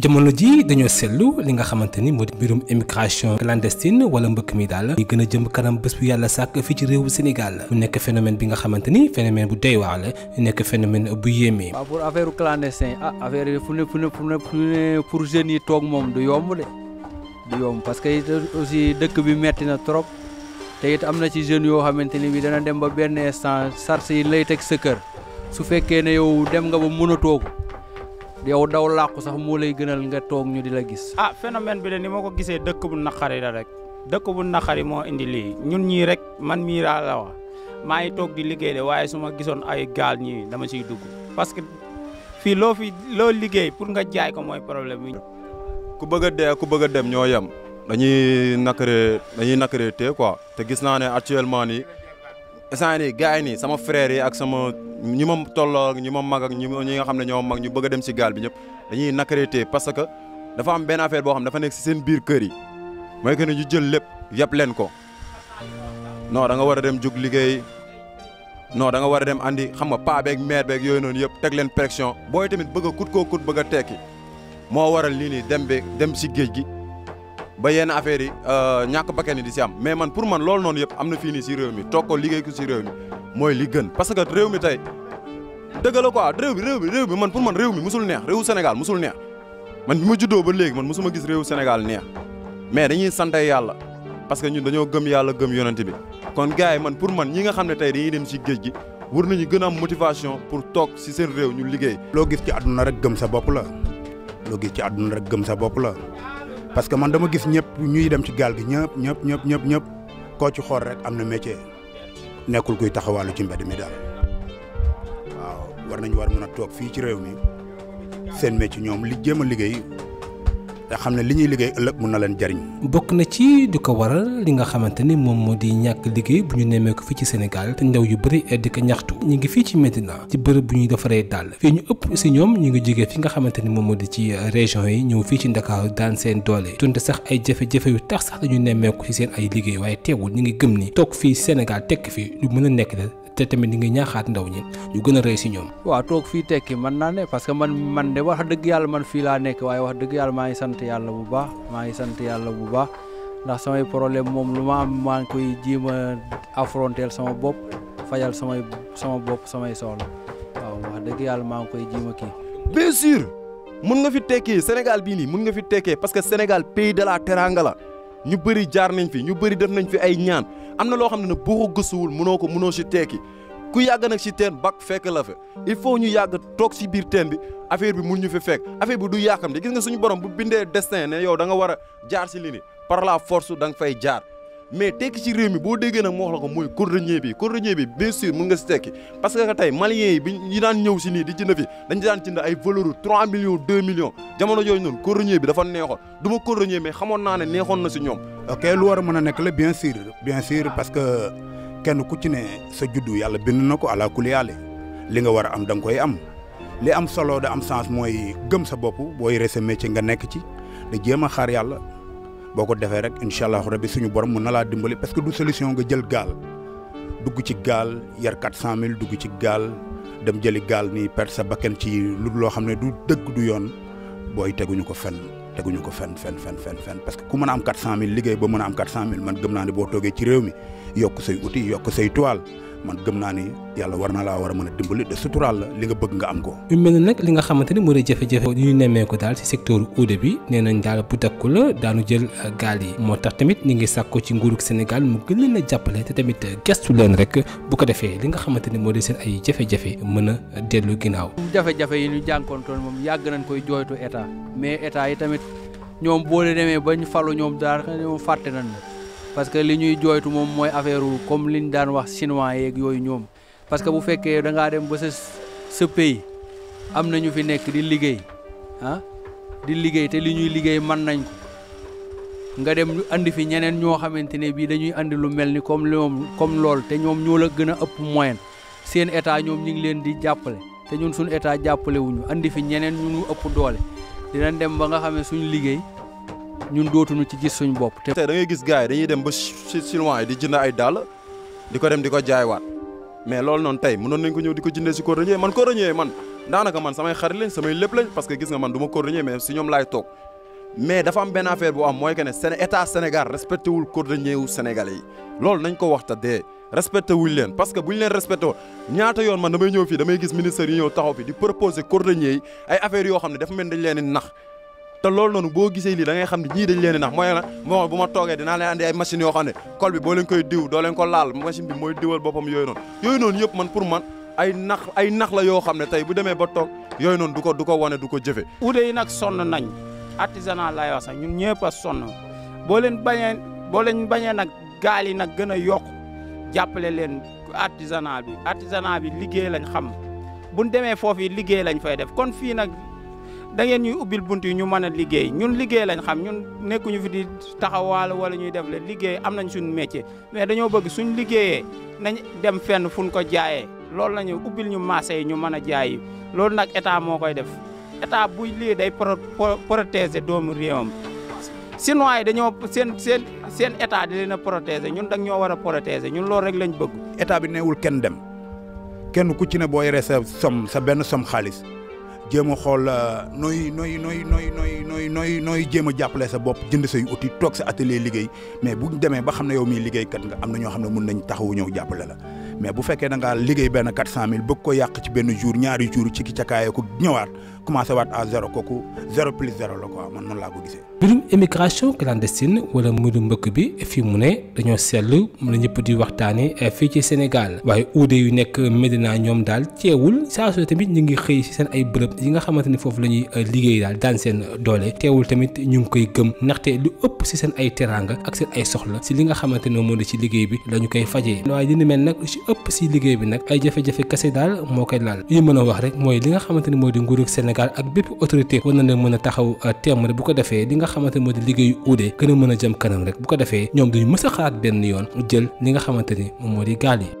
jamono ji dañoo seetlu li nga xamante ni moo di mbirum immigration clandestine wala mbëkk mi daal ñu gën a jëm kanam bés bu yàlla sàkk fii ci réewu Sénégal mu nekk phénomène bi nga xamante ni phénomène bu doy waar la nekk phénomène bu yéeme. waaw pour affaire clandestin ah affaire yi fu ne fu ne fu ne pour jeunes yi toog moom du yomb de du yomb parce que aussi dëkk bi metti na trop te am na ci jeunes yoo xamante ni bi dana dem ba benn instant sars lay teg sa kër su fekkee ne yow dem nga ba mënatoo ko yow daw làqu sax mu lay gënal nga toog ñu di la gis. ah phénomène bi de ni ma ko gisee dëkk bu naqari la rek dëkk bu naqari moo indi lii ñun ñii rek man mii laa maa ngi toog di liggéey de waaye su ma gisoon ay gaal ñii dama ciy dugg parce que fii loo fi loo liggéey pour nga jaay ko mooy problème bi. ku bëgg a dee ku bëgg a dem ñoo yem dañuy nakare dañuy nakare te quoi te gis naa ne actuellement nii. instant nii gars yi ni sama frère yi ak sama ñi ma tolloo ak ñi ma mag ak ñi nga xam ne ñoo mag ñu bëgg dem si gaal bi ñëpp dañuy nakarité parce que dafa am benn affaire boo xam ne dafa nekk si seen biir kër yi mooy que ne ñu jël lépp yàpp leen ko non da nga war a dem jug liggéey non da nga war a dem andi xam nga paa beeg mère beeg yooyu noonu yëpp teg leen pression booy tamit bëgg kut koo kut bëgg a tekki moo waral lii nii dem bi dem si géej gi. ba yenn affaire yi euh, ñàkk bakkan yi di si am mais man pour man loolu noonu yëpp am na fii si réew mi toog ko liggéey ko si réew mi mooy li gën parce que réew mi tey dëgg la quoi réew bi réew bi réew bi man pour man réew mi musul neex réew Sénégal musul neex man bi ma juddoo ba léegi man musuma gis réew Sénégal neex mais dañuy sant yàlla parce que ñun dañoo gëm yàlla gëm yonent bi kon gars yi man pour man ñi nga xam ne tey dañuy dem si géej gi war nañu gën a am motivation pour toog si seen réew ñu liggéey. loo gis ci àdduna rek gëm sa bopp la loo gis ci àdduna rek gëm sa bopp la parce que man dama gis ñëpp ñuy dem ci gaal gi ñëpp ñëpp ñëpp ñëpp ñëpp koo ci xool rek am na métier nekkul kuy taxawaalu ci mbedd mi daal waaw war nañu war mën a toog fii ci réew mi seen métier ñoom li jéem a liggéey ndax xam ne li ñuy liggéey ëllëg mun na leen jariñ bokk na ci di ko waral li nga xamante ni moom moo di ñàkk liggéey bu ñu nemmee fii ci Sénégal te ndaw yu bëri di ko ñaxtu ñu ngi fii ci Médina ci bërëb bu ñuy defaree dàll fii ñu ëpp si ñoom ñu ngi jógee fi nga xamante ni moom moo di ci région yi ñëw fii ci Ndakaaru daan seen doole donte sax ay jafe-jafe yu tax sax la nemmeeku nemmee ci seen ay liggéey waaye teewul ñu ngi gëm ni toog fii Sénégal tekk fii lu mën a nekk la te tamit ni ngi ñaaxaat ndaw ñi ñu gën a rëy si ñoom waaw toog fii tekki mën naa ne parce que man man de wax dëgg yàlla maa ngi sant yàlla bu baax maa ngi sant yàlla bu baax ndax samay problème moom lu ma am maa ngi koy jéem a affronter sama bopp fajal samay sama bopp samay soxla waaw wax dëgg yàlla maa ngi koy jéem a kii bien sûr mun nga fi tekkee Sénégal bii nii mun nga fi tekkee parce que Sénégal pays de la teranga la ñu bëri jaar nañ fi ñu bëri def nañ fi ay am na loo xam ne ne boo ko gëstuwul mënoo ko mënoo si tekki ku yàgg nag si teen bak fekk la fa il faut ñu yàgg toog si biir teen bi affaire bi mun ñu fi fekk affaire bi du yàkkamti gis nga suñu borom bu bindee destin ne yow da nga war jaar si lii nii par la force da nga fay jaar mais tekki ci réew mi boo déggee nag moo wax la ko mooy cordonnier bi cordonnier bi bien mun nga si tekki parce que tey maliens yi bi ñi daan ñëw si nii di jënd fi dañ daan jënd ay valeur 3 millions 2 millions jamono yooyu noonu cordonnier bi dafa neexoon du ma cordonnier mais xamoon naa ñoom ok lu war a mën a nekk la bien sûr bien sûr parce que kenn ku ci ne sa juddu yàlla bind na ko ala kulli yàlla li nga war a am da nga koy am li am solo da am sens mooy gëm sa bopp boo yoree sa métier nga nekk ci da jéem a xaar yàlla boo ko defee rek incha allah rabbi suñu borom mën na laa dimbali parce que du solution nga jël gaal dugg ci gaal yar 400000 dugg ci gaal dem jëli gaal nii perte sa bakkan ci lu loo xam ne du dëgg du yoon booy teguñu ko fenn. teguñu ko fenn fenn parce que ku mën a am 400000 liggéey ba man gëm naa ne boo yokk say outil yokk say toile man gëm naa ni yàlla war na laa war a mën a dimbali de suturaal la li nga bëgg nga am ko. yu mel nag li nga xamante moo di jafe-jafe yu ñu nemmee ko daal ci secteur uude bi nee nañ daal bu takku la daanu jël euh, gaal yi moo tax tamit ñu ngi sàkko ci nguurug Sénégal mu gën leen a jàppale te tamit euh, gestu leen rek bu ko defee li nga xamante moo di seen ay jafe-jafe mën a dellu ginnaaw. jafe-jafe yi ñu jànkoontoon moom parce que li ñuy jooytu moom mooy affaire comme li ñu daan wax chinois yeeg yooyu ñoom parce que bu fekkee da dem ba sa sa am na ñu fi nekk di liggéey ah di liggéey te li ñuy liggéey mën nañ ko nga dem ñu andi fi ñeneen ñoo xamante ne bii dañuy andi lu mel ni comme comme lool te ñoom ñoo la gën a ëpp moyen seen état ñoom ñu ngi leen di jàppale te ñun suñu état jàppale wuñu andi fi ñeneen ñu ëpp doole dinañ dem ba nga xam suñu liggéey. ñun dootuñu ci gis suñu bopp. te da ngay gis gars yi dañuy dem ba chinois yi di jënd ay dàll di ko dem di ko jaaywaat mais loolu noon tey noon nañ ko ñëw di ko jëndee si cordonnier man cordonnier man daanaka man samay xarit lañ samay lépp lañ parce que gis nga man du ma cordonnier mais si ñoom laay toog mais dafa am benn affaire bu am mooy que ne seen état Sénégal respecté wul cordonnier wu sénégalais yi loolu nañ ko waxta dee respecté wuñ leen parce que buñ leen respecté woon ñaata yoon man damay ñëw fii damay gis ministère yi ñëw taxaw fi di proposer cordonnier yi yoo xam ne dafa mel dañ leen nax te loolu noonu boo gisee lii da xam ne ñii dañ leen di nax mooy la moo bu ma toogee dinaa leen andi ay machines yoo xam ne col bi boo leen koy diw doo leen ko laal machine bi mooy diwal boppam yooyu noonu yooyu noonu yëpp man pour man ay nax ay nax la yoo xam ne tey bu demee ba toog yooyu noonu du ko du ko wane du ko jëfe uude yi nag sonn nañ artisanat laay wax sax ñun ñëpp a sonn boo leen bañee boo leen bañee nag gaal yi nag gën a yokk jàppale leen artisanat bi artisanat bi liggéey lañ xam buñ demee foofu liggéey lañ fay def kon fii nag da ngeen ñuy ubbil bunt yi ñu mën a liggéey ñun liggéey lañ xam ñun nekkuñu fi di taxawaal wala ñuy def le liggéey am nañ suñu métier mais dañoo bëgg suñ liggéeyee nañ dem fenn fuñ ko jaayee loolu lañu ubbil ñu marché yi ñu mën a jaay yi loolu nag état moo koy def état buy lii day protéger doomu réewam chinois yi dañoo seen seen seen état di leen a protéger ñun dañ ñoo war a protéger ñun loolu rek lañ bëgg état bi neewul kenn dem kenn ku ci ne boo yoree sa som sa benn som xaalis jéem a xool euh, nooy nooy nooy nooy nooy nooy noy nooy jéem a jàppale sa bopp jënd say outils toog sa atelier liggéey mais bu ñu demee ba xam ne yow mii kat nga am na ñoo xam ne mun nañ taxawu ñëw jàppale la mais bu fekkee da liggéey benn quatre cent mille bëgg ko yàq ci benn jour ñaari jour ci ki cakaayoo ko ñëwaat commencé waat à zéro kooku zéro plus zéro la quoi man noonu laa ko gisee. immigration clandestine wala mbiru mbëkk bi fi mu ne dañoo seetlu mu la ñëpp di waxtaane eh, fii ci Sénégal waaye uude yu nekk Medina ñoom daal teewul saa su tamit ñu ngi xëy seen ay bërëb yi nga xamante ni foofu la ñuy eh, liggéey daal daan seen doole teewul tamit ñu ngi koy gëm ndaxte lu ëpp si seen ay teraanga ak seen ay soxla si li nga xamante ne moo di ci liggéey bi la koy faje waaye li ni mel nag si ëpp si liggéey bi nag ay jafe-jafe kese daal moo koy laal li mën a wax rek mooy li nga xamante ni moo di nguurug Sénégal ak bépp autorité war na leen mën a taxaw eh, temm bu ko defee li nga xamante moo di liggéeyu uude gën a mën a jëm kanam rek bu ko defee ñoom duñu mës a xalaat benn yoon jël li nga xamante ni moom moo di gaal yi